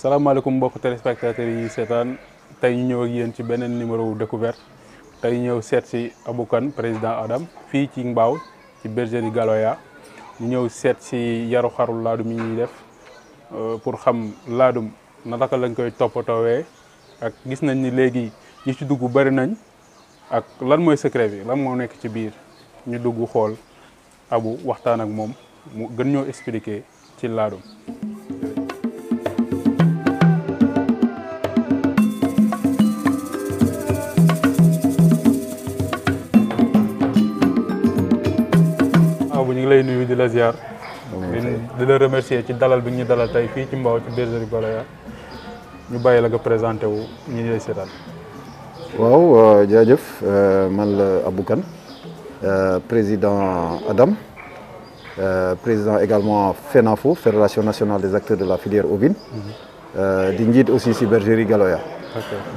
salaamaaleykum mbokku téléspectateurs yi seetaan tey ñu ñëw ak yéen ci beneen numéro découverte tey ñëw seet si aboukane président adam fii ci mbaaw ci berger galoya ñu ñëw seet si yaru xaru laadum yi ñuy def euh, pour xam laadum nataka lañ koy toppatoowee ak gis nañ ni léegi yi ci dugg bari nañ ak lan mooy secret bi lan moo nekk ci biir ñu dugg xool abou waxtaan ak moom mu gën ñoo expliquer ci laadum lay nuyu di la ziar. di remercier bergerie ñu la président Adam euh, président également FENAFO Fédération nationale des acteurs de la filière ovine. Mhm. Euh, di aussi si bergerie Galoya.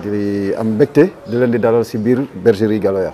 di am di leen bergerie Galoya.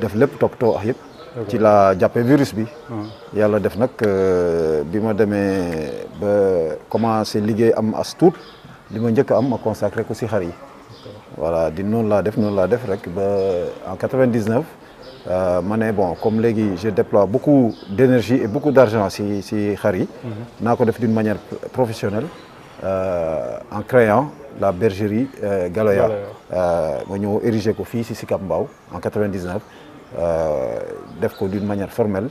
def top to wax yëpp. ci la jappé virus bi. Ah. yalla def nak euh, bima démé ba commencé liggéey am as tuut li ma am ma consacré ko si xari voilà di non la def non la def rek ba en 99 euh, mané, bon comme légui, je déploie beaucoup d'énergie et beaucoup d'argent si si xar yi. Mhm. naa ko d'une manière professionnelle euh, en créant la bergerie euh, Galoya. ma ñëw érigé ko fii si Sicap Mbao en 99. Euh, def ko d'une manière formelle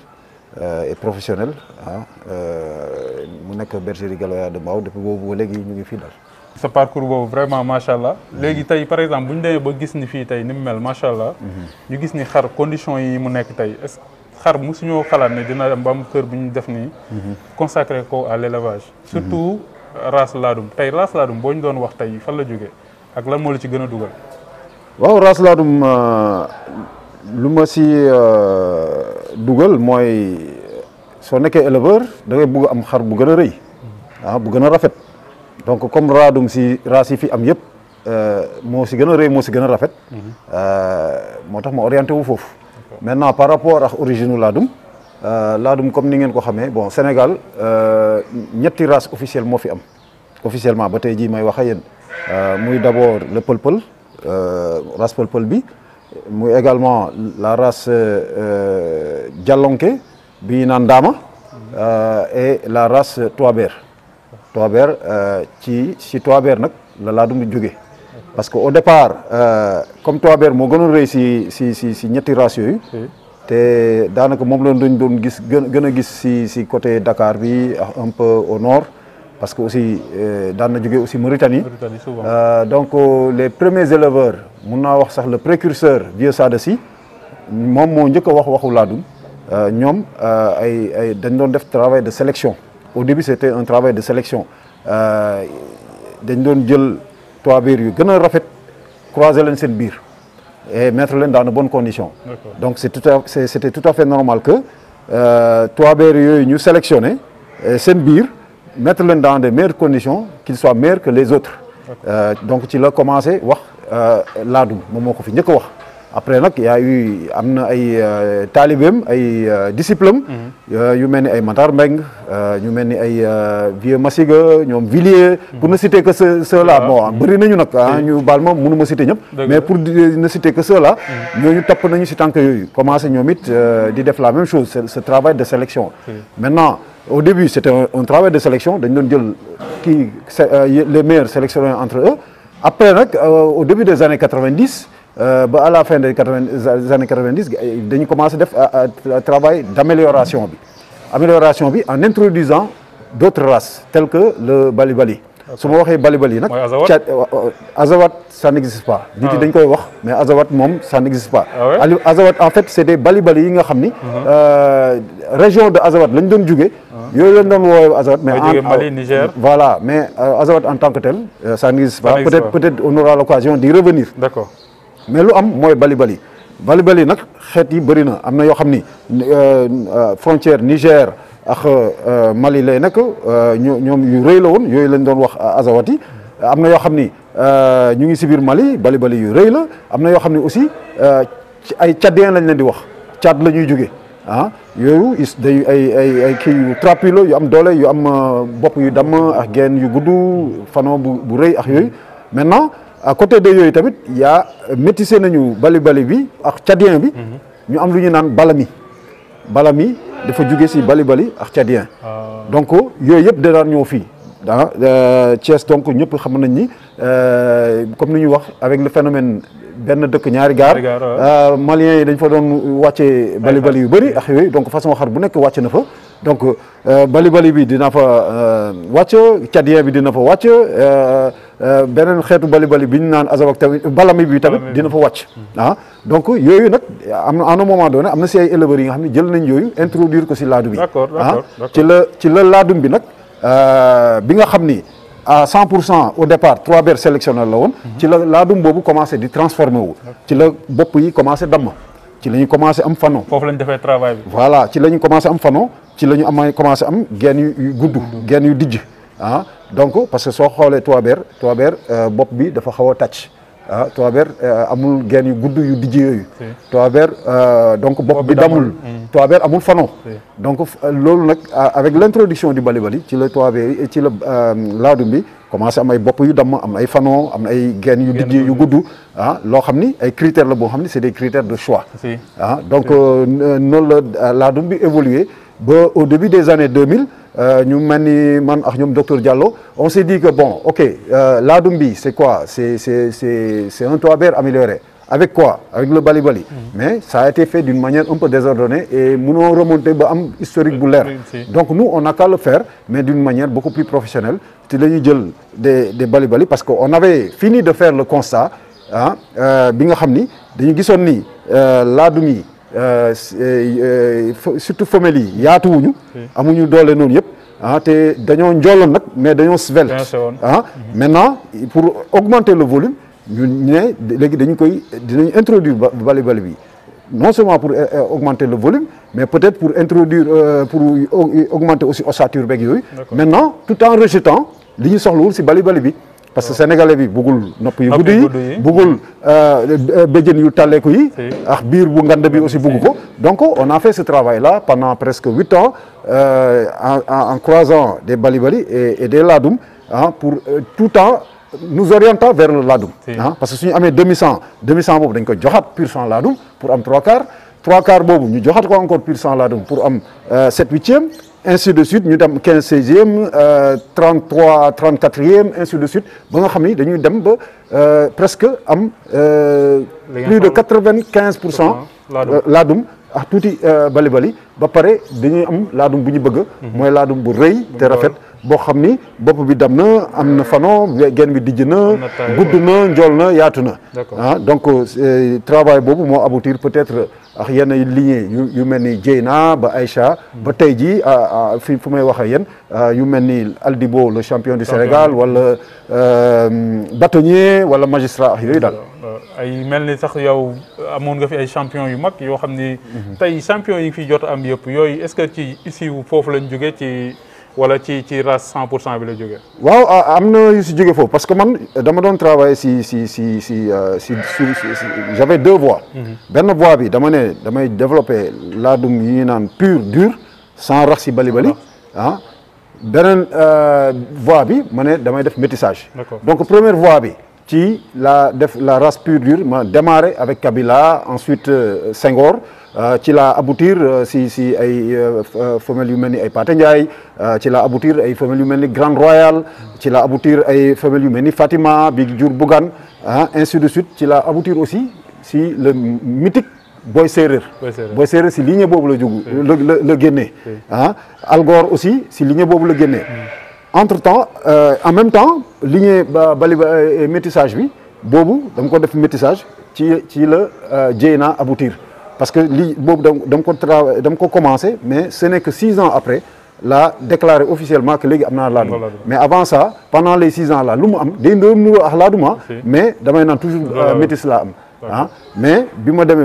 euh, et professionnelle hein euh mu nek bergerie Galoya de baw depuis bobu ba ñu ngi fii daal. sa parcours bobu vraiment machallah allah. tay par exemple buñ déme ba gis ni fi tay ni mel machallah ñu gis ni xar condition yi mu nek tay est xar mosuñoo xalat ne dina dem ba am kër def ni consacrer ko à l'élevage. surtout race ladum tay race ladum boñ doon wax tay fa la jógee ak lan mo la ci gëna duggal dugal. waaw race euh lu ma si euh, dugal mooy soo nekkee éleveur da ngay bugg am xar bu gën a rëy ah bu gën a rafet donc comme raadum si raas yi fi am yëpp euh, moo si gën a rëy moo si gën a rafet mhm. euh, moo tax ma orienté wu foofu maintenant par rapport ak origine laadum laadum comme ni ngeen ko xamee bon Sénégal ñetti race officielle moo fi am officiellement ba tey jii may wax ak yéen muy d'abord le pël-pël race pël-pël bi Moi également la race euh, Djalonke, Binandama, euh, et la race Touaber. Touaber, euh, qui, si Touaber, la Ladoum Djugé. Parce qu'au départ, euh, comme Touaber, mon gonne réussi si si si ñetti race yoyu té danaka mom lañ doon doon gis gëna gis si si côté Dakar bi un peu au nord parce que aussi euh, daan na jóge aussi Mauritanie, Mauritanie euh, donc euh, les premiers éleveurs mun le précurseur de ça, c'est moom moo wax waxu euh, euh, ay travail de sélection au début c'était un travail de sélection Nous euh, avons jël trois rafet croiser les seen et mettre leen dans de bonnes conditions. donc c'était tout à fait normal que trois biir nous ñu les seen biir mettre leen dans de meilleures conditions qu'ils soient meilleurs que les autres. Euh, donc tu l'as commencé wax euh moom moo ko fi ñëk a wax après y a eu amna ay euh, talibem ay euh, disciples mhm. yu melni ay Matar Mbeng ñu melni ay Vieux Massiga ñom Villiers mhm. pour ne citer que cela. ceux-là bon bari nañu nak ah, ñu bal mom mënu ma citer ñep mais pour ne citer que ceux-là mhm. ñooñu topp nañu ci tànk yoyu commencé ñoom di def la même chose ce travail de sélection maintenant au début c'était un travail de sélection dañ doon jël qui, euh, les meilleurs sélectionnés entre eux. Après, euh, au début des années 90, euh, à la fin des, années 90, ils ont commencé à faire un travail d'amélioration. Amélioration en introduisant d'autres races, telles que le bali-bali. Si je bali balibali, azawat, ça n'existe pas. Dit ah. mais azawat, ça n'existe pas. Ah en fait, c'est des bali mhm. région de azawat, l'on yooyu lañ Azawad mais en Mali Niger. voilà mais euh, Azawad en tant que tel. Euh, ça n'existe pas peut-être peut-être on aura l'occasion d'y revenir. d'accord mais lu am mooy bali bali. bali bali nak, xeet yi bëri na am na yoo xam euh, frontière Niger ak Mali lay nekk ñom yu rëy la woon yoy lañ doon wax Azawati. Amna yo xamni, euh, ñu ngi si biir Mali bali bali yu rëy la amna yo xamni xam ni aussi ci ay Tchadien lañ leen di wax tiad lañuy jugé ah yooyu is day ay ay ay kii yu trapilo yu am doole yu am euh, bopp yu damm ak genn yu gudd fanon bu bu rëy ak yooyu maintenant à côté de yooyu tamit yaa métissé nañu bali bali bi ak tchadien bi mhm. ñu am lu ñu naan balami balami dafa jóge si bali bali ak tchadien ah. donc yooyu yëpp da daan ñëw fii ah euh, Thiès donc ñëpp xam nañ ni euh, comme ni ñu wax avec le phénomène benn dëkk ñaari gaar euh, maliens yi dañ fa doon wàccee bali bali yu bëri ak yooyu donc façon xar bu nekk wàcc na fa donc euh, bali bali euh, bi dina fa wàcc cadien bi dina fa wàcc beneen xeetu bali bali bi ñu naan azawak tamit balami bi tamit dina fa wàcc ah donc yooyu nag am à un moment donné am na si ay éleveurs nga xam ne jël nañ yooyu introduire ko si laadum yi ah ci la ci la laadum bi nag bi nga xam ni à 100 au départ trois ber sélectionneur la woon. Mhm. ci la laadum boobu commencé di transformé wu. ci la bopp yi commencer damm. ci la ñu commencé am fano. foofu la ñu travail voilà ci la ñu commencé am fano ci la ñu amay commencé am genn yu gudd. genn yu dijj ah donc parce que soo xoolee trois ber trois ber euh, bopp bi dafa xaw a ah toobeer eh, amul geen yu gudd yu dijj yooyu toobeer eh, donc bop bi damul hmm. toobeer amul fano donc eh, lolu nak avec l'introduction du balibali ci le la toobeer ci le laadum bi commencé am ay bopp yu dam am ay fano am ay geen yu dijj yu gudd ah loo xam ay critères la boo xam c'est des critères de choix ah donc noonu la laadum bi évolué au début des années 2000 euh, nous avons docteur Diallo on s'est dit que bon ok euh, c'est quoi c'est c'est un toit vert amélioré avec quoi avec le bali bali mm-hmm. mais ça a été fait d'une manière un peu désordonnée et nous avons remonté à historique bu donc nous on a qu'à le faire mais d'une manière beaucoup plus professionnelle des bali parce qu'on avait fini de faire le constat ah bi nga que euh, euh, euh, surtout femelles yi yaatuwuñu amuñu doole non yep, ah te dañoo njooloon nag mais dañoo svelte ah mhm. maintenant pour augmenter le volume nous avons introduit dañu koy introduire non seulement pour augmenter le volume mais peut-être pour introduire pour augmenter aussi ossature maintenant tout en rejetant nous ñu soxlawul si balai parce que sénégalais bi aussi donc on a fait ce travail là pendant presque huit ans euh, en, croisant des balibali et, des ladoum hein, pour euh, tout temps nous orientant vers le ladoum hein. parce que si on demi 2100, demi ladoum pour avoir trois quarts trois quarts on ñu encore pur ladoum pour am euh, sept huitième ainsi de suite, nous sommes 15e, 33, 34e, ainsi de suite. Bon, nous sommes presque euh, plus de 95% de l'ADUM. ah tuuti eh, bali bali ba pare dañuy am laadum bu ñu bëgg mhm. mooy laadum bu rëy te rafet boo xam ni bi dam na am fano gen bi dijj na gudd na ah donc eh, travail boobu moo aboutir peut être ak ah, yenn ligne yu yu mel ni Jeyna ba Aïcha mhm. ba tey jii ah, ah, fi fu may waxee yéen yu mel Aldibo le champion du Sénégal wala euh, Batonier wala magistrat yooyu daal. Il y a des champions qui champion mhm. est-ce que ici 100 bi parce que j'avais deux voies. première mhm. voie développer yi pure, pure, dure, sans racisme. La bali voie métissage. donc première voie qui la, la race pure dure, démarré avec Kabila, ensuite euh, Senghor, qui euh, l'a aboutir euh, si si ay euh, femelles yu mel ni ay à la aboutir ay femelles Grand Royal, Grande Royale ci la aboutir ay femelles Fatima Big Djur Bougan, hein, ainsi de suite ci la aboutir aussi si le mythique Boy Serrer. Boy Serrer si lignée le la hein. Al la Algor aussi si lignée boobu la entre temps euh, en même temps lignée euh, métissage bi bobu dama ko def métissage ci ci le euh, jéey aboutir parce que li bobu dama ko ko commencé mais ce n'est que 6 ans après la déclaré officiellement que légui amna la mais avant ça pendant les 6 ans là lu mu am day doon nuroo la laaduma ah, mais damay nan toujours métis la am hein mais quand ma ba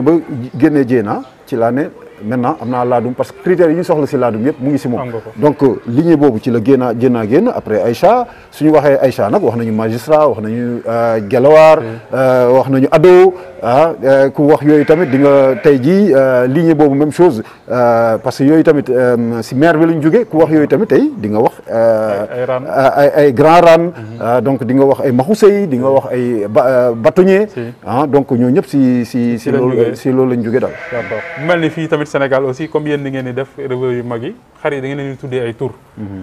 génnee jéey ci l'année maintenant am na laadum parce que critères yi ñu soxla si laadum yëpp mu ngi si moom donc euh, lignée boobu ci la génnaa génnaa ay après su ñu waxee Aïcha nag wax nañu magistrat wax na ñu euh, Gelawaar mm. euh, wax nañu Ado ah euh, ku wax yooyu tamit di nga tey jii euh, ligne boobu même chose euh, parce que yooyu tamit si maire bi la ñu jógee ku wax yooyu tamit tey di nga wax. ay ay grand ran mhm. ah, donc di nga wax ay maxusey di nga wax ay ba bâtonnier. ah donc ñoo ñëpp si si si loolu si loolu la ñu jógee daal. d'accord mel ni fii tamit Sénégal aussi comme yéen ni ngeen di def réseau yu mag yi xar yi da ngeen tuddee ay tur. Mhm.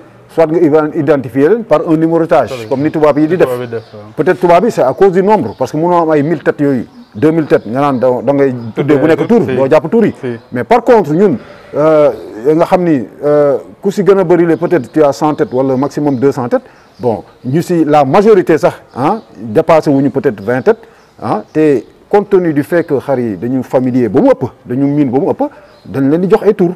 soit identifier par un numérotage, comme tu oui. Bidef. Peut-être que c'est à cause du nombre, parce que nous avons 1000 têtes, 2000 têtes, donc vous êtes tous, vous êtes tous. Mais par contre, nous, euh, nous avons dit, si peut-être tu 100 têtes ou le maximum 200 têtes, bon, la majorité, ça, hein, dépasse peut-être 20 têtes, hein, compte tenu du fait que nous sommes familiers, nous sommes familiers, nous sommes familiers, nous sommes des nous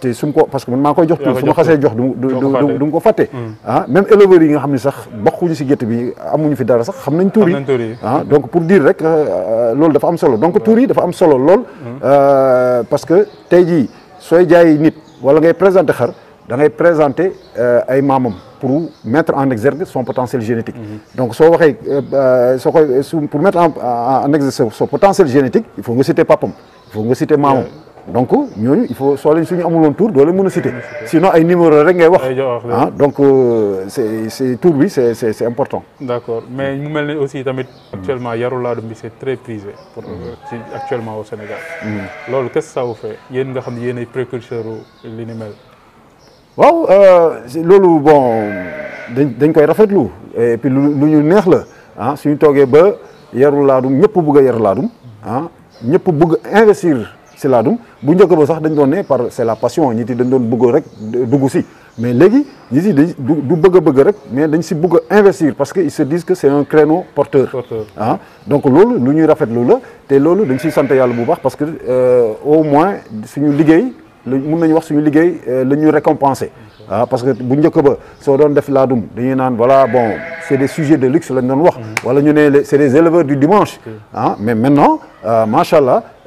té su ko parce que man maa koy jox tout su ma jox du du ko faté mm. ah, hein même éleveur yi nga xamni ne sax bokkuñu ci gétt bi amuñu fi dara sax xam nañ tur yi ah donc pour dire rek euh, euh, lool dafa am solo donc tur yi dafa am solo lool mm. euh parce que tay ji soy jaay nit wala ngay présenter xar da ngay présenter euh, ay maamam pour mettre en exergue son potentiel génétique mm-hmm. donc so waxé so koy pour mettre en exergue son potentiel génétique il faut nga citer papam il faut nga citer maamam donc il faut soit tour y sinon il numéro rek ah, donc euh, c'est tout c'est important d'accord mais nous sommes aussi actuellement très prisé mm-hmm. euh, actuellement au Sénégal mm-hmm. qu'est-ce que ça vous fait il nga xam précurseur euh, bon et puis nous neex la ah suñu ba nous, ah, investir c'est la donc njëkk ba sax dañ doon par c'est la passion ñi ti dañ doon bëgg rek dugg si mais les ñi si dañ du bëgg a rek mais dañ si bëgg investir parce que ils se disent que c'est un créneau porteur ah donc lolo l'union ñuy rafetlu la te loolu dañ siy sant yàlla bu baax parce que euh, au moins suñu liggéey mën nañu wax suñu liggéey euh, la ñu récompenser ah parce que bu njëkk ba soo doon def laadum dañuy voilà bon c'est des sujets de luxe lañ doon wax. wala ñu des éleveurs du dimanche. Hein? mais maintenant euh, macha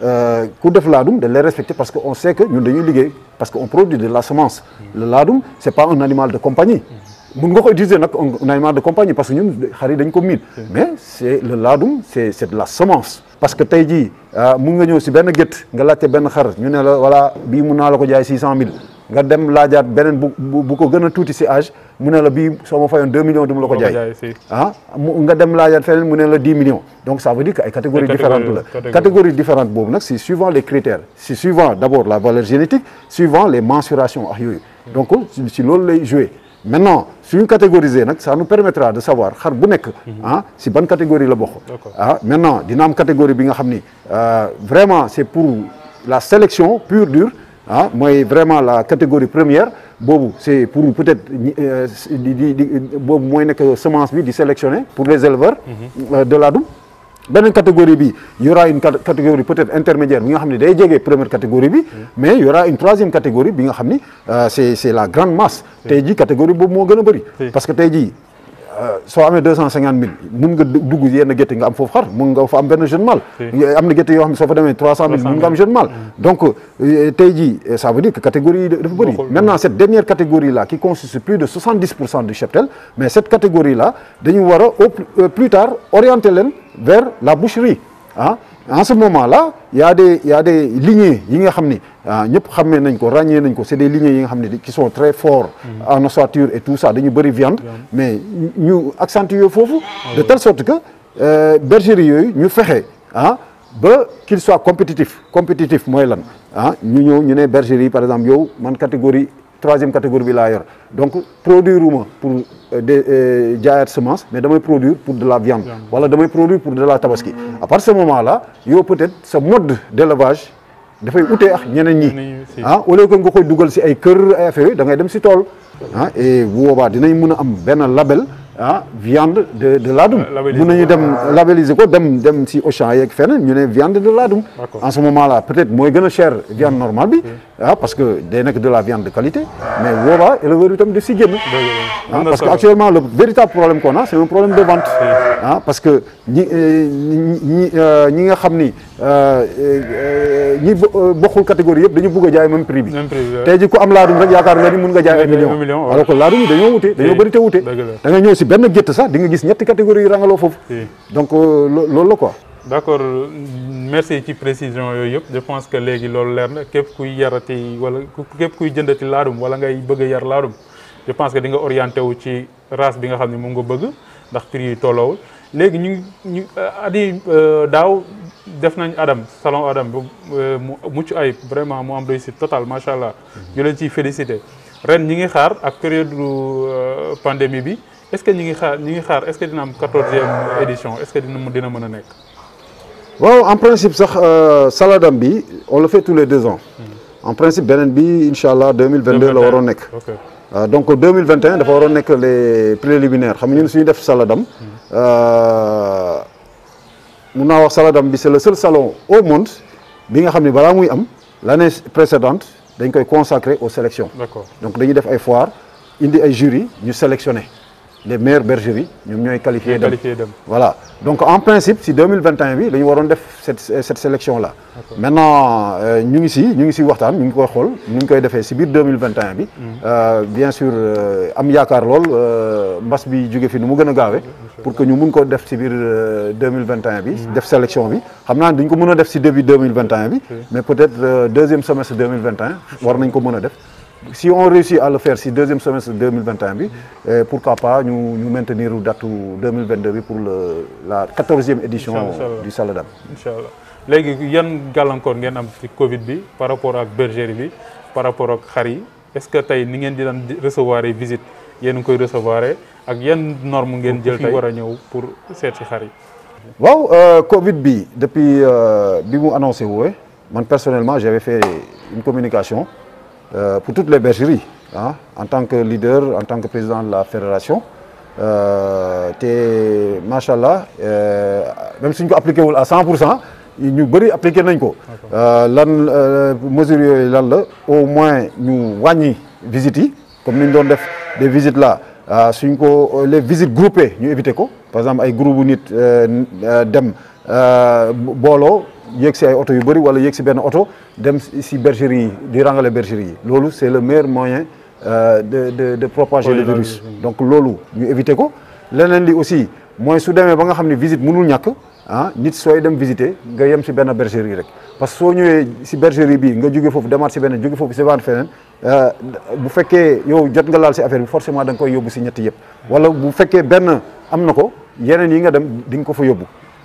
euh, ku def laadum de les respecter parce que on sait que ñun dañuy liggéey parce que on produit de la semence. le laadum c'est pas un animal de compagnie. mun nga ko utiliser un animal de compagnie parce que ñun xar yi dañ ko mais le laadum c'est de la semence. parce que tey jii euh, mun nga ñëw si benn gétt nga laajte benn xar ñu ne voilà bi mun naa la ko jaay nga dem lajat benen bu ko gëna ci âge mu ne la bi ma 2 millions de dollars. la ko ah, nga dem lajat mu ne la 10 millions donc ça veut dire que ay catégories différentes la catégories différentes bobu c'est suivant les critères c'est suivant d'abord la valeur génétique suivant les mensurations Donc c'est donc si loolu lay jouer maintenant si suñu catégoriser nak ça nous permettra de savoir xar bu nek mhm. ah si catégorie la bokk ah maintenant dina am catégorie bi nga xamni euh, vraiment c'est pour la sélection pure dure ah, moi, vraiment la catégorie première c'est pour peut-être euh, di di semences sélectionner pour les éleveurs mhm. euh, de la Dans une catégorie B il y aura une catégorie peut-être intermédiaire mais nga déjà première catégorie bi mhm. mais y aura une troisième catégorie bi euh, c'est la grande masse as catégorie boobu moo parce que as dit, euh, so amé deux cent mun nga donc ça veut dire que catégorie maintenant cette dernière catégorie là qui constitue plus de 70% du cheptel mais cette catégorie là dañu euh, plus tard orienter vers la boucherie ah. en ce moment là y a des y a des lignées yi nga ah, nous c'est des lignes qui sont très fortes, mm-hmm. en ossature et tout ça de la viande mais accentuons le foofu ah de telle sorte que euh, bergerie nous ñu fexe ah ba qu'il soit compétitif compétitif mooy lan ah ñu bergerie par exemple yow man catégorie troisième catégorie donc produire pour euh, de euh, semences, mais damay produire pour de la viande Voilà, damay produire pour de la tabaski à partir de ce moment là yow peut-être ce mode d'élevage da fay outé ak ñeneen ñi han wala ko nga koy duggal ci ay kër ay affaire da ngay dem ci tol, han et bu woba dinañ mëna am ben label ah viande de de laadum. nous euh, ko mën nañu dem labelliser ko dem dem si Auchan yeeg feneen ñu ne viande de laadum. en ce moment là peut-être moins gën cher viande normale bi. ah parce que day nekk de la viande de qualité. mais voilà, il bi tam daf si génn. Ah, parce qu'actuellement le véritable problème qu'on a c'est un problème de vente. ah parce que ñi euh, ñi euh, ñi nga xam ni ñi de catégorie yëpp dañu bugg jaay même prix bi. même prix bi ji ku am laadum rek yaakaar nga ni jaay. un million alors que laadum yi dañoo wute dañoo bëri te wute. da nga ñëw si benn gétt sax di nga gis ñetti catégorie yu rangaloo foofu donc euh, loolu la ko d' accord merci ci précision yooyu yëpp je pense que léegi loolu leer na képp kuy yarati wala képp kuy jëndati laadum wala ngay bëgg a yar laadum je pense que di nga orienté wu ci race bi nga xam ne moom nga bëgg ndax prix yi tolloowul léegi ñu ñu euh, at yi euh, daaw def nañ Adam salon Adam mu mucc ayib vraiment mu am réussite totale macha allah mm-hmm. ñu leen ciy félicité ren ñi ngi xaar ak période pandémie bi est-ce que ñu ngi xaar ñu ngi xaar est-ce que dina am quatorzième édition est-ce que dina dina mëna a nekk. waaw en principe sax euh, Saladam bi on le fait tous les deux ans. Hmm. en principe benen bi inshallah 2022 euh, deux mille vingt la donc 2021, mille dafa waro nekk les préliminaires xam nga ñu suñu def Saladam. Hmm. euh naa wax Saladam bi c'est le seul salon au monde bi nga xamni bala muy am l'année précédente dañ koy consacrer aux sélections. donc dañuy def ay foires indi ay jury ñu sélectionner les meilleures bergeries nous sommes qualifiés voilà donc en principe si 2021 nous avons fait cette euh, sélection là maintenant nous, ici, nous ñu ngi nous nous ñu 2021 mm-hmm. euh, bien sûr euh, am sommes lool nous bi ici, fi pour que nous nous 2021 sélection Nous avons nous début 2021 mais peut-être deuxième semestre 2021 nous si on réussit à le faire si deuxième semestre 2021 eh, pourquoi pas maintenir ñu maintenir date 2022 pour le la quatorzième édition du Saladam Inch'Allah. allah léegi encore gàllankoor ngeen am covid bi par rapport à bergerie par rapport à Khari. est ce que vous ni des di recevoir des visites? yéen ngi koy recevoir ak norme jël pour cette Khari Wow, euh, covid bi depuis euh, bi euh, avez annoncé moi personnellement j'avais fait une communication euh, pour toutes les bergeries. Hein, en tant que leader, en tant que président de la fédération, euh, machallah euh, même si nous appliquons à 100 nous avons ñu appliqué nañ euh, au moins nous avons visiter, comme nous avons fait des visites là suñ ko les visites groupées nous évitons. par exemple ay groupe nit dem Bolo Yexi ay auto yu bari wala yéeg ben auto dem si bergerie di rangale bergerie lolu c'est le meilleur moyen euh, de de de propager le virus donc lolu ñu éviter ko lenen li aussi mooy su démé ba nga xamni visite mënul ñàkk ah nit soy dem visiter nga yem ci ben bergerie rek parce que so ñewé ci bergerie bi nga fofu démat ci ben joggé fofu foofu si benn euh, bu féké yow jot nga laal ci affaire bi forcément da nga koy yóbbu ci ñetti yépp wala bu féké ben am ko yi nga dem di nga ko fa yobbu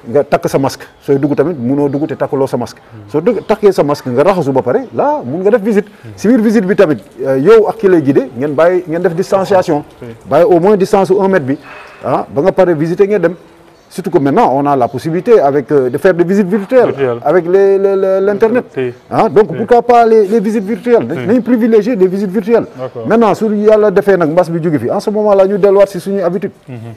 nga takk sa masque soy dugg tamit munoo dugg te takkuloo sa masque so dugg takkee sa masque nga raxasu ba pare là mun nga def visite si biir visite bi tamit euh, yow ak ki lay guidé ngeen bàyyi ngeen def distanciation bàyyi au moins distance u un mètre bi ah ba nga pare visiter ngeen dem surtout que maintenant on a la possibilité avec euh, de faire des visites virtuelles avec les l'internet ah donc pourquoi pas les les visites virtuelles nañ privilégier des visites virtuelles maintenant su yalla defee nak mbass bi jóge fi en ce moment là ñu delluwaat ci suñu habitude mhm.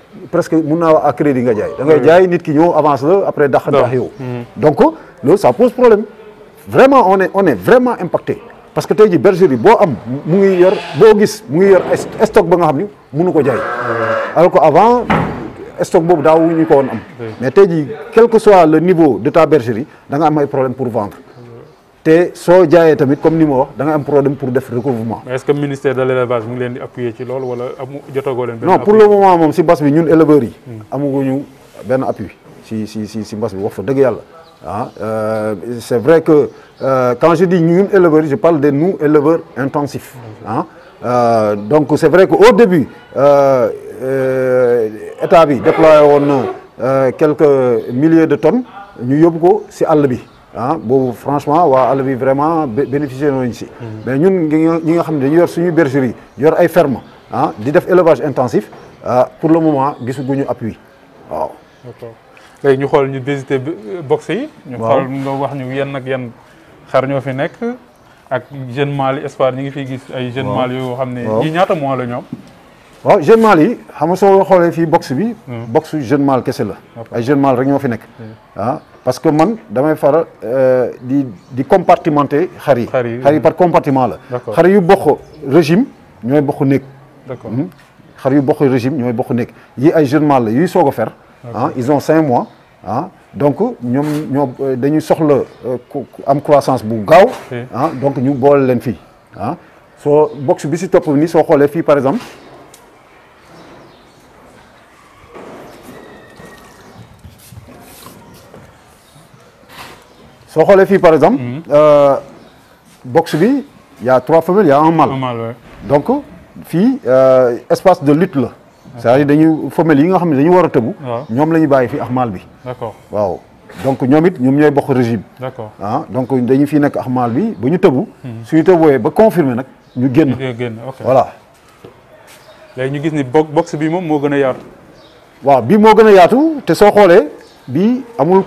presque mun na crédit nga jaay da nga jaay nit ki ñew avance la après dakh dakh yow hmm. donc lo ça pose problème vraiment on est on est vraiment impacté parce que tay ji bergerie bo am mu ngi yor bo gis mu ngi yor stock ba nga xamni mënu ko jaay hmm. alors que avant stock bobu daawu ñu ko won am mais tay ji quel que soit le niveau de ta bergerie da nga am ay problème pour vendre Et si jaayee tamit comme ni ma wax da problème pour def recouvrement. est-ce que le ministère de l'élevage vous a appuyé di appuyer ci wala non pour le moment nous, sommes éleveurs nous hmm. n'avons benn appui si si si ah, euh, c'est vrai que euh, quand je dis ñun éleveurs je parle de nous éleveurs intensifs ah, Euh, donc c'est vrai que au début euh, état a déployé quelques milliers de tonnes ñu avons ko ah bo franchement wa àll bi vraiment bénéficier nañu si. Mhm. mais ñun ñi nga xam dañu yor suñu bergerie yor ay ferme hein di def élevage intensif ah, pour le moment gisaguñu appui waaw. d'accord léegi ñu xol ñu visité box yi. ñu xool nga wax ñu yenn ak yenn xar ñoo fi nek ak jeune mali espoir ñi ngi fiy gis ay jeune mali yo xamné ñi ñaata mois la ñom waaw jeune mali yi xam nga soo xoolee fii box bi. Hmm. box jeune mâle kese la. ay jeune mâle rek ñoo fi nek hein hmm. ah, parce que man damay faral euh, di di compartimenter xari xari par compartiment la. xari yu bokk régime ñooy bokk d'accord mhm. xari yu bokk régime ñoy bokk nek yi ay jeunes mâles la yuy soog fer. ah ils ont 5 mois hein donc ñom ñoo euh, dañuy soxla euh, am croissance bu gaaw. hein donc ñu bol leen fi hein ah. soo box bi si topp ni so xolé fi par exemple. Si avez les filles par exemple. Mhm. Euh, il il y' a trois femelles y' a un mâle. un mâle donc euh, espace de lutte c'est-à-dire que femelles yi nga ont des dañu war elles sont les d'accord waaw donc nous sommes ñoom femmes, régime. d'accord ah, donc dañu fii nekk ak mâle bi mhm. ba ñu suñu voilà. léegi ñu gis ni box bi est waaw a amul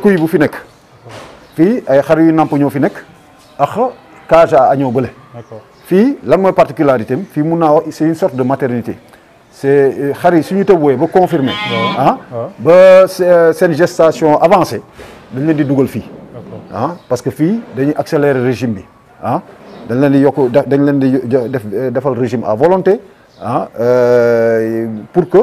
Fi, ay xar yu namp ñoo fi nekk ak cage à agneau bële. fii lan mooy particularité am fii mun naa wax c' est une sorte de maternité C'est, est euh, xar yi suñu tëbooyee ba confirmé. ah ba une euh, gestation avancée dañ leen di dugal fii. ah parce que fii dañuy accélérer régime bi ah dañ leen di yokk dañ leen di def euh, defal régime à volonté ah pour que.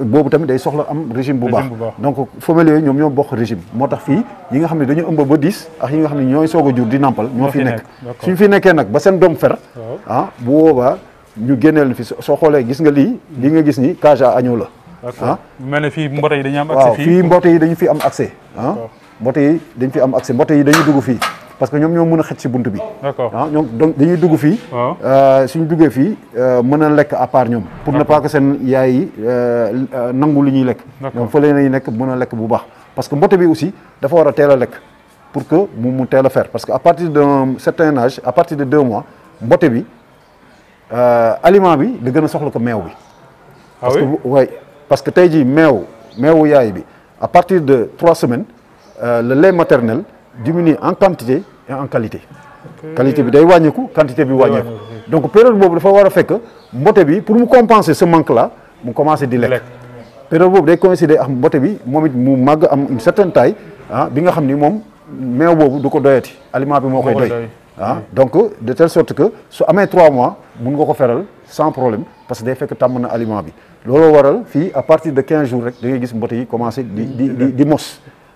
boobu tamit day soxla am régime bu baax donc femelles yooyu ñoom ñoo bokk régime moo tax fii yi nga xam ne dañu ëmb ba dix ak yi nga xam ne ñooy soog a jur di nàmpal ñoo fi nekk suñu fi nekkee nag ba seen doom fer ah bu boobaa ñu génneel fi soo xoolee gis nga lii lii nga gis ni cage a agneau la ah mel ne fii mboote yi dañu am waaw fii mboote yi dañu fi am accès ah yi dañ fi am accès mboote yi dañu dugg fii parce que nous sommes mën qui d'accord ah, donc dañuy dugg fii. Euh, suñu duggee fii euh, mën qui à part pour ne pas que seen euh, ñuy parce que nous bi aussi pour que mu mu faire parce qu'à partir d'un certain âge à partir de deux mois nous bi aliment bi de gëna soxla ko ah parce que parce que à partir de trois semaines le lait maternel diminuer en quantité et en qualité. qualité bi day wàññeeku quantité bi wàññeeku. donc période bobu dafa war a fekk mbote bi pour me compenser ce manque là mu commencé di lekk. période bobu day coïncider ak mbote bi momit it mu màgg am une certaine taille hein, bi nga xamni mom mew bobu boobu du ko doyati aliment bi mo koy doy. ah donc de telle sorte que su amé 3 mois mun nga ko feral sans problème parce que day fekk tàmm na aliment bi Lolo waral fi à partir de 15 jours rek da ngay gis mbote yi commencé di di di mos.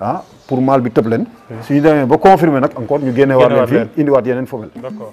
ah pour mâle bi tëb leen. suñu demee ba confirmer nag encore ñu génneewaat leen fii indiwaat yeneen femelle. d'accord.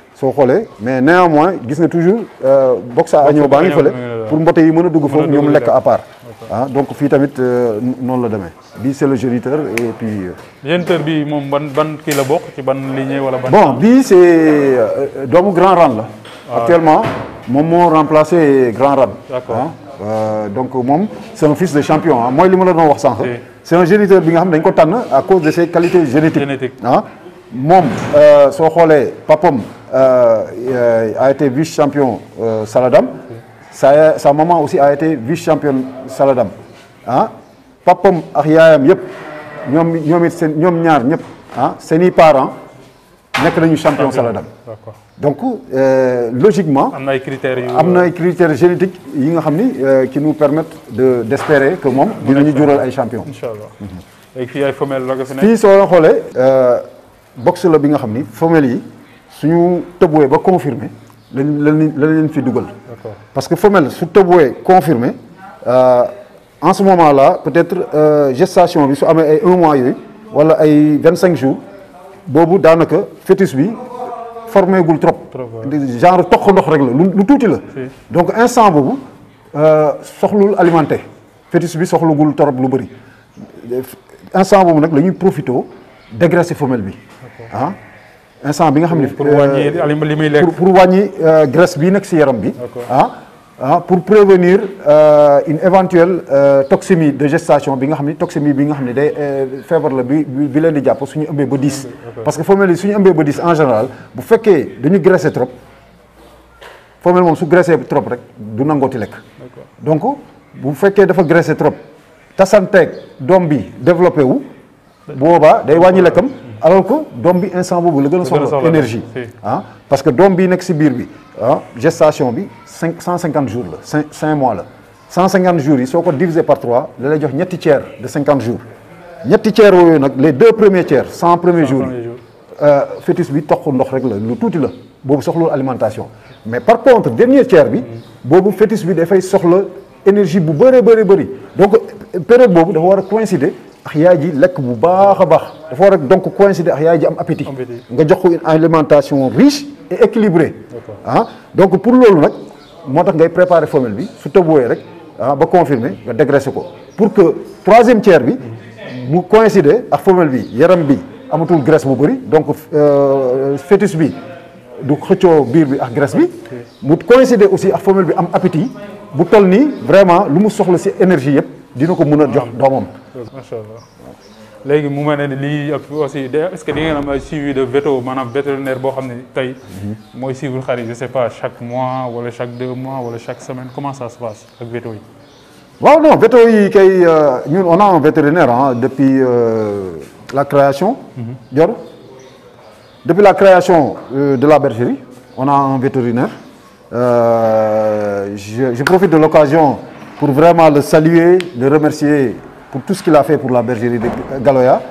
soo mais néanmoins gis na toujours euh, boxe à agneau pour mbote yi mën a dugg foofu ñoom lekk à part ah donc fi tamit euh, non la demee bi c'est le géniteur et puis géniteur euh, bi mom ban ban ki la bok ci ban ligne wala ban bon bi c'est doomu grand ran la ah. actuellement mon mon remplacé grand ran ah donc mom c'est un fils de champion hein? mooy li ma la doon wax sànq c'est un géniteur bi nga xam dañ ko tann à cause de ses qualités génétiques ah euh, so xolé papom euh, euh, a été vice-champion euh, Saladam. Sa, maman aussi a été vice ah? ah, champion Saladam. Hein? yep, parents champion Saladam. Donc euh, logiquement il y a des critères génétiques qui nous permettent de d'espérer que mom champion. Inshallah. Mhm. Et puis il y a suñu tëbuwee ba confirmé lañ lañ leen fi dugal. parce que femelle su tëbuwee confirmé euh, en ce moment là peut-être euh, gestation bi su amee ay un mois voilà, wala ay vingt cinq jours boobu daanaka fœtus bi formé gul trop. genre tout le. rek la lu tuuti la. donc instant boobu euh, soxlul alimenté fœtus bi soxlagul trop lu bëri instant boobu nag la ñuy profité dégraisser femelle bi Hein? instant bi nga xam ne. pour wàññi euh, li muy lekk pour wàññi euh, graisse bi nekk si yaram bi. Ah, ah pour prévenir euh, une éventuelle toxémie de gestation bi nga xam ne toxémie bi nga xam ne day feebar la bi bi leen di jàpp suñu ëmbee ba 10. parce que femelle yi suñu ëmbee ba 10 en général bu fekkee dañu graisser trop femelle moom su graisser trop rek du nangooti lekk. donc bu fekkee dafa graisser trop tasanteeg doom bi développé wu. boobaa day wàññi lekkam. Alors que dombi instant bobu le gëna énergie ah, parce que dombi nek ci bir bi ah, gestation bi 150 jours 5 mois 150 jours soko diviser par 3 la lay jox petite tiers de 50 jours les deux premiers tiers 100 premiers jours euh fœtus bi tokku ndox rek la lu touti la alimentation mais par contre dernier tiers bi bobu fœtus bi da soxlo énergie donc période bobu da coïncider axyaa ji lekk bu baax a baax dafa war a donc coïncider axyaa ji am appétit nga jox ko une alimentation riche et équilibrée ah donc pour loolu nag moo tax ngay préparer femelle bi su tëbooyee rek ah ba confirmer nga dégraisser ko pour que troisième tiers bi mu coïncider ak femelle bi yaram bi amatul graisse bu bëri donc euh, fœtus bi du xëccoo biir bi ak graisse bi mu coïncider aussi ak femelle bi am appétit bu toll nii vraiment lu mu soxla si énergie yëpp dina ko mën a jox doomam est-ce que vous avez suivi de veto, Je vétérinaire boo ne tey. suivre sais pas chaque mois chaque deux mois ou chaque semaine comment ça se passe avec véto yi. Euh, on a un vétérinaire hein, euh, mhm. depuis la création. depuis la création de la bergerie on a un vétérinaire euh, je je profite de l'occasion pour vraiment le saluer le remercier pour tout ce qu'il a fait pour la bergerie de Galoya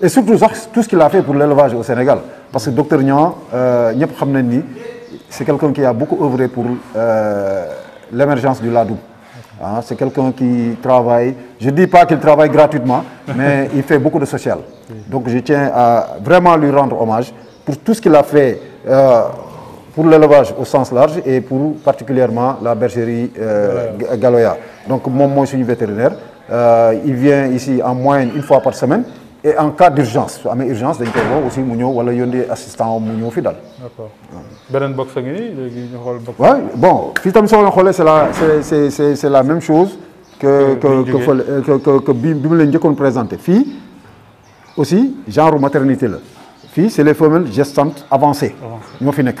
et surtout tout ce qu'il a fait pour l'élevage au Sénégal parce que docteur Nyan, euh, c'est quelqu'un qui a beaucoup œuvré pour euh, l'émergence du Ladou. Ah, c'est quelqu'un qui travaille, je ne dis pas qu'il travaille gratuitement, mais il fait beaucoup de social. Donc je tiens à vraiment lui rendre hommage pour tout ce qu'il a fait euh, pour l'élevage au sens large et pour particulièrement la bergerie euh, Galoya. Donc mon moi je suis vétérinaire. Euh, il vient ici en moyenne une fois par semaine. Et en cas d'urgence, su urgence dañ koy aussi mu ñëw wala yónnee assistant mu ñëw fi daal. d'accord beneen box ngi nii ñu xool box. waaw bon fii tamit soo leen c'est la c'est c'est c'est la même chose. que euh, que euh, que que que bi bi mu leen njëkkoon aussi genre maternité là. fii c'est les femmes gestantes avancées. ñoo fi nekk.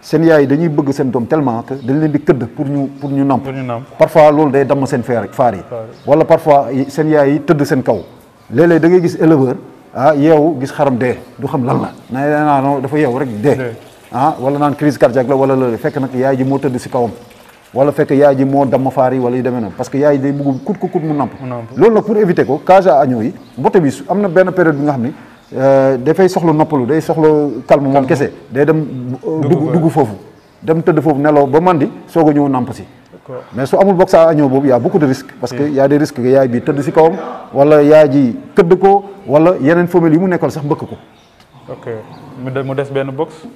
seen yaay dañuy bëgg seen doom tellement que dañ leen di këdd pour ñu pour ñu namp parfois loolu day damm seen feer faar yi wala parfois seen yaay yi tëdd seen kaw léeg-léeg ngay gis éleveur ah yeewu gis xaram dee du xam lan na naa non dafa yeewu rek dee ah wala naan crise cardiaque la wala loolu fekk nag yaay ji moo tëdd si kawam wala fekk yaay ji moo damm faar yi wala yu demee noonu parce que yaay ji day bëgg kut ko kut mu namp loolu nag pour am na benn période bi nga xam ni Euh, dafay soxla noppalu day soxla kalm moom kese day dem dugg dugg foofu dem tëdd foofu nelaw ba mandi soog a ñëw nàmp si mais su amul box à agneau boobu yaa a beaucoup de risques parce que y a des risques que yaay bi tëdd si kawam wala yaay ji këdd ko wala yeneen femelles yi mu nekkal sax mbëkk ko ok mu def benn box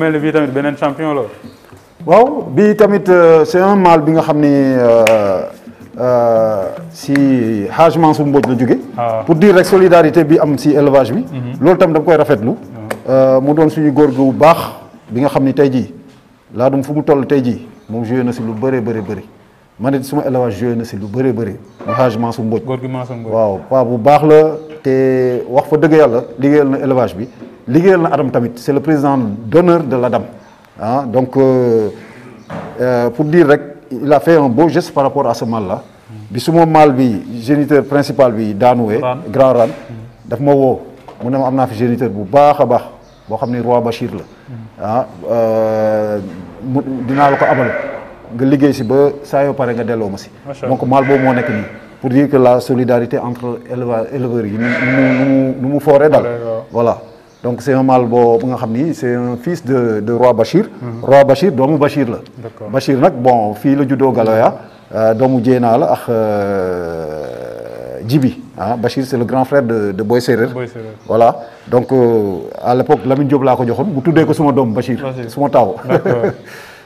mel bi tamit benen champion la. waaw bi tamit euh, c'est un mal bi nga euh euh si Haj Mansour Mbodj la jóge ah. pour dire rek solidarité bi am si élevage bi. Mhm. loolu tam da koy rafetlu. Ah. Euh, mu doon suñu góor bu baax bi nga xam ni tey jii dum fu mu toll tey jii moom joué na ci lu bëree bëri bëri man suma élevage jouer na ci lu bëree bëri Haj Mansour Mbodj. góor gi Mansour Mbodj waaw pa bu baax la te wax fa dëgg yàlla liggéeyal na élevage bi liggéeyal na Adam tamit c'est le président d'honneur de l'Adam ah donc euh, euh, pour dire rek il a fait un beau geste par rapport à ce mal là bi su mal bi géniteur principal bi Danoué, grand ran daf ma woo mu ne fi géniteur bu baax a baax boo xam ne roi Bachir la ah euh, mu dinaa la ko abal nga liggéey si ba saa yoo pare nga delloo ma si donc mal boobu moo nekk nii pour dire que la solidarité entre éleveurs nous nous nous voilà donc c'est un mal nga c'est un fils de de roi Bachir mhm. roi Bachir donc Bachir là Bachir nak bon fille du juddoo Galoya euh, doomu Jéenaa la ak euh, Djibi ah, Bachir c'est le grand frère de de Boy voilà donc euh, à l'époque Lamine Diop laa ko joxoon bu tuddee ko suma dom Bachir suma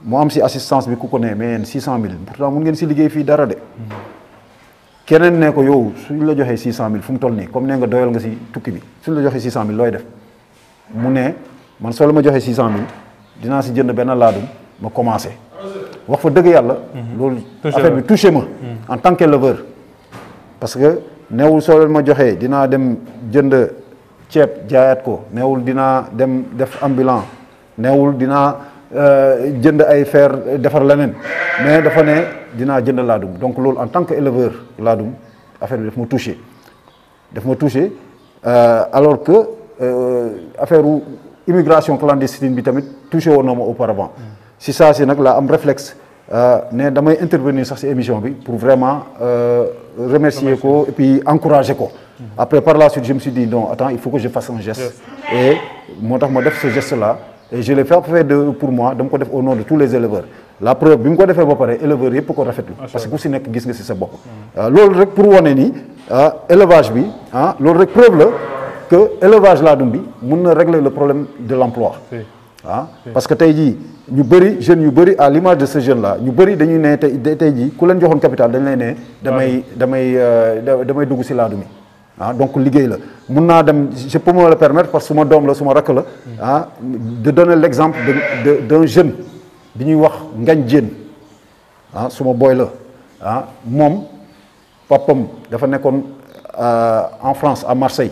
Moi am si assistance bi mais yéen pourtant mun ngeen si liggéey fii dara de keneen ne ko yow le la joxee six fu comme ne nga doyal nga si tout bi la def mu ne man soo ma joxee six dina mille Je jënd benn laadum ma vous wax fa deug yalla mhm. loolu affaire bi touché ma mhm. en tant qu'éleveur parce que neewul ma dina dem jënd ko neewul dina dem def ambulant neewul euh, jënd ay fer defar lénen mais dafa ne dina jënd laadum donc en tant qu'éleveur éleveur laadum affaire bi daf mo touché daf touché euh, alors que euh, affaire immigration clandestine bi tamit touché auparavant si ça c'est un am réflexe ne damay intervenir sax ci émission bi pour vraiment remercier ko et puis encourager ko après par la suite je me suis dit non attends il faut que je fasse un geste et motax mo def ce geste là et je l'ai fait faire de pour moi donc def au nom de tous les éleveurs la preuve bi mu ko defee ba pare éleveurs yëpp ko rafetlu parce que ku si nekk gis nga si sa bopp ah, loolu rek pour wane ni ah, élevage bi ah rek preuve là que élevage laadum bi mun na régler le problème de l'emploi ah, parce que tey jii ñu bëri jeunes nous bëri à l'image de ce jeune là ñu bëri dañuy ne tey tey jii ku leen joxoon capital dañ lay ne damay damay euh, damay dugg si laadum bi ah donc liggéey la mun dem je peux me le permettre parce que suma dom la suma rakk la ah, de donner l'exemple de d'un jeune bi ñuy wax ngañ jéen ah, boy suma booy la ah papam dafa euh, en France à Marseille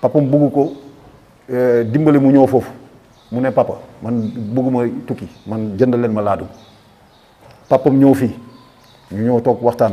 papam bugg ko euh, dimbali mu ñëw foofu papa man bugguma tukki man jënd leen ma laadum papam ñëw fii ñu ñëw toog waxtaan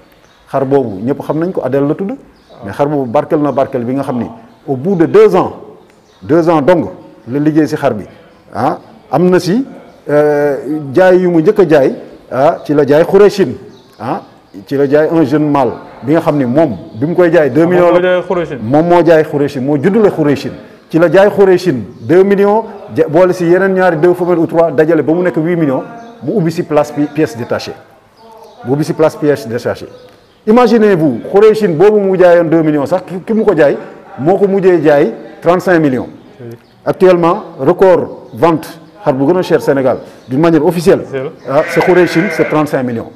xar boobu ñëpp xam nañ ko Adèle la tudd mais xar boobu barkel na barkel bi nga xam ni au bout de deux ans deux ans dong la liggéey si xar bi ah am na si euh, jaay yu mu njëkk jaay ah, ci la jaay Khouréchine ah ci la jaay un jeune mâle bi nga xam ni moom bi mu koy jaay deux ah, millions la moom moo jaay Khouréchine moo juddule Khouréchine ci la jaay Khouréchine deux millions boole si yeneen ñaari deux femelles ou trois dajale ba mu nekk huit millions mu ubbi si place pièce détachée mu ubbi si place pièce détachée imaginez-vous Khouréchine Bobo mu 2 millions sax ki 35 millions. actuellement record vente cher Sénégal d'une manière officielle. c'est ah, c'est 35 millions.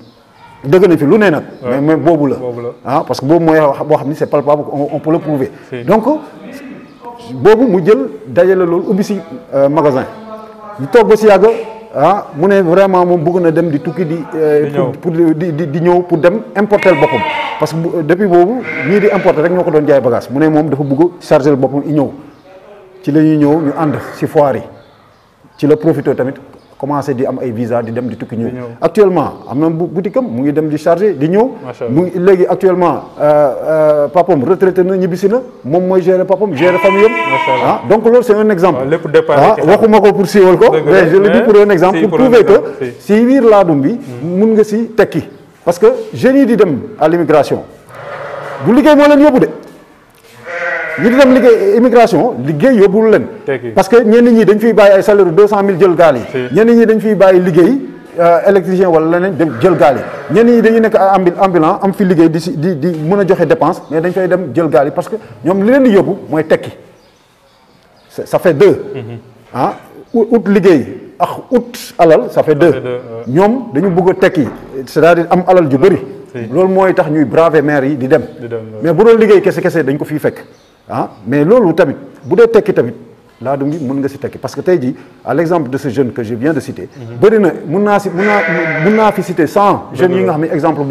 Vous fi mais mais ah, parce que c'est palpable on peut le prouver. donc Bobo mu jël euh, magasin. Ah, mu ne vraiment moom bugg na dem di tukki di eh, pour di di di ñëw pour dem importer boppam parce que eh, depuis boobu ñii di importer rek ñoo ko doon jaay bagage mu ne moom dafa bugg charger boppam i ñëw ci la ñuy ñëw ñu ànd si foire yi ci la commencé di am ay visa di dem di tukki ñëw actuellement am na boutique am mu ngi dem di chargé di ñëw mu ngi léegi actuellement euh, euh, papam retraité na ñibbisi na moom mooy gérer papam gérer famille ah, donc loolu c'est un exemple ah waxuma ko pour siiwal ko mais je le dis pour un exemple pour prouver que si biir laadum bi hmm. mun nga si tekki parce que jeunes yi di dem à l'immigration du liggéey moo leen yóbbu de ñu di dem liggéey immigration liggéey yóbbul leen. parce que ñenn ñi dañ fiy bàyyi ay salaire yu 200000 jël gaal yi. ñenn ñi dañ fiy bàyyi liggéey euh, wala leneen dem jël gaal yi. ñenn ñi dañuy nekk ay ambi am fi liggéey di di di mën a joxe dépense mais dañ fay dem jël gaal yi parce que ñoom li leen di yóbbu mooy tekki. ça fait mm-hmm. ah ut liggéey ak ut alal ça ñoom dañu bëgg a tekki c'est-à-dire am alal ju bëri. loolu mooy tax ñuy braver maire yi di dem. mais bu doon liggéey kese kese dañ ko fiy fekk. Ah, mais lolo tamit boudé téki tamit parce que à l'exemple de ce jeune que je viens de citer. exemple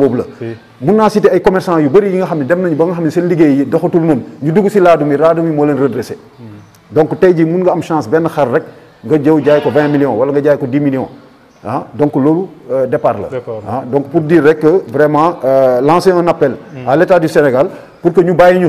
ay commerçants yu yi nga dem ba nga doxatul ñu dugg leen redresser. Mhm. donc chance ben xar rek nga millions wala nga millions. Ah, donc euh, départ ah, donc pour dire que vraiment euh, lancer un appel mhm. à l'état du Sénégal pour que nous ñu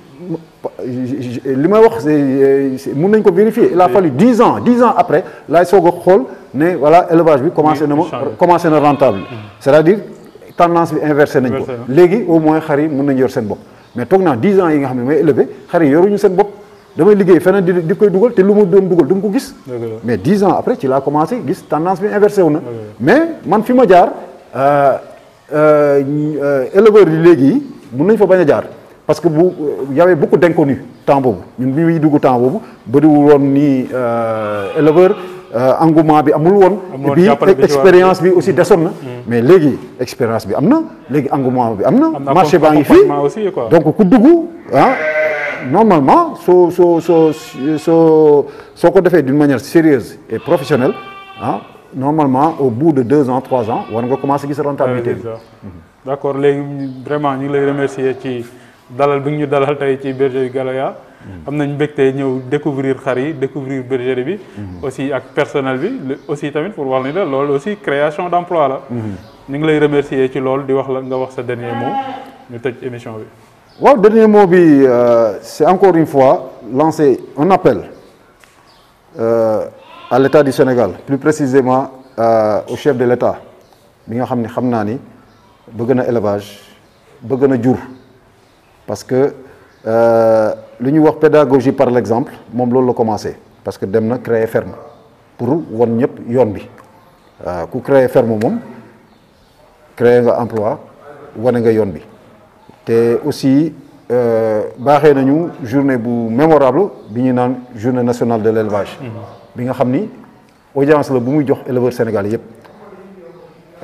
li may wax mun nañ ko vérifier il a fallu 10 ans 10 ans après laay soog a xool ne voilà élevage bi commencé commencé na rentable mm. c'est-à-dire tendance bi inversé nañ ko léegi au moins xar yi mun nañ yor seen bopp mais toog naa 10 ans yi nga xam may élevé xar yi yoruñu seen bopp damay liggéey feneen di di koy dugal te lu ma doon dugal du ko gis mais 10 ans après ci la commencé gis tendance bi inversé wu mais man fi ma euh, euh, euh éleveur yi légui mën nañ fa baña a jaar parce que il y avait beaucoup d'inconnus temps bobu ñun bi ñuy dugg temps boobu bëriwul ni euh éleveur euh, engouement bi amul woon. bi mm-hmm. mm-hmm. expérience bi aussi desoon na. mais légui expérience bi amna légui léegi engouement bi amna marché baa ngi donc ku dugg ah, normalement so so so so so ko défé d'une manière sérieuse et professionnelle ah, normalement au bout de 2 ans 3 ans war nga commencer gis rentabilité rentabiliser. d'accord légui vraiment ñu lay remercier ci dalal buñu dalal tay ci bergerie Galoya mm. am nañ mbégte découvrir xar yi découvrir bergerie bi mm-hmm. aussi ak personnel bi aussi tamit pour voir ni la lool aussi création d'emploi la mm-hmm. ñu ngi lay remercier ci lool di wax la nga wax sa dernier mot ñu tej émission bi waaw dernier mot bi euh, c'est encore une fois lancer un appel euh, à l'État du Sénégal plus précisément euh, au chef de l'État bi nga xamni xamna ni bëgg na élevage bëgg na jur parce que euh, ñuy wax pédagogie par l'exemple mon loolu la commencé parce que avons créé créer ferme pour nous, nous avons créé ku créer ferme moom créer emploi wane nga yoon bi te aussi euh, baaxee nañu journée mémorable la journée nationale de l'élevage Nous mm-hmm. nga xam ni audience la bu muy jox Sénégal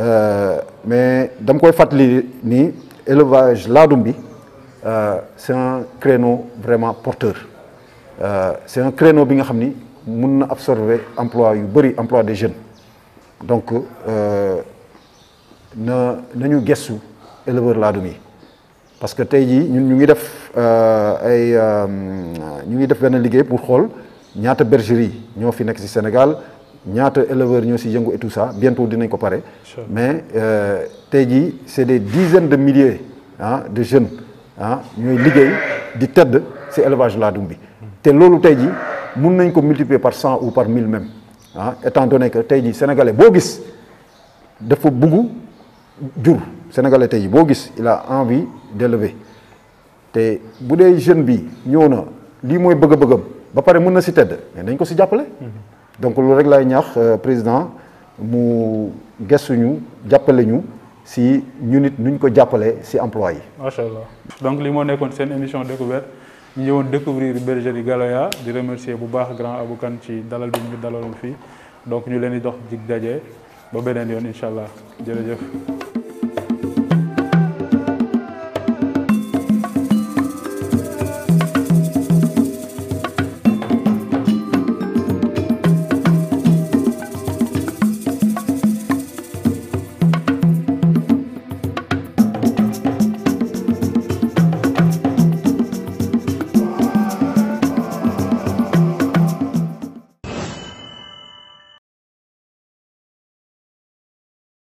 euh, mais nous koy fàttali ni élevage laadum euh, c'est un créneau vraiment porteur euh, c'est un créneau qui nga xam ni emploi yu des jeunes donc euh, nous sommes gëstu éleveur la demi parce que aujourd'hui, nous ñun ñu ngi def ay ñu pour voir ñaata bergerie bergeries, fi ici ci Sénégal ñaata éleveurs ñoo ci et tout ça bientôt allons ko comparer. mais euh, c'est des dizaines de milliers hein, de jeunes ah ñooy liggéey di l'élevage élevage la d'oumbi. multiplier par 100 ou par 1000 même ah, étant donné que les sénégalais sont gis dafa ont il a envie d'élever Et si jeunes bi ce bëgg ils ba donc le rek le euh, président si ñu nit nuñ ko jappalé ci emploi yi. donc li mo nekkoon seen émission découverte ñu ñëwoon découvrir bergerie Galoya di remercier bu baax grand aboukan ci dalal bi ñu dalaloon fi donc ñu leni dox jig dajé ba benen yoon incha allah jërëjëf.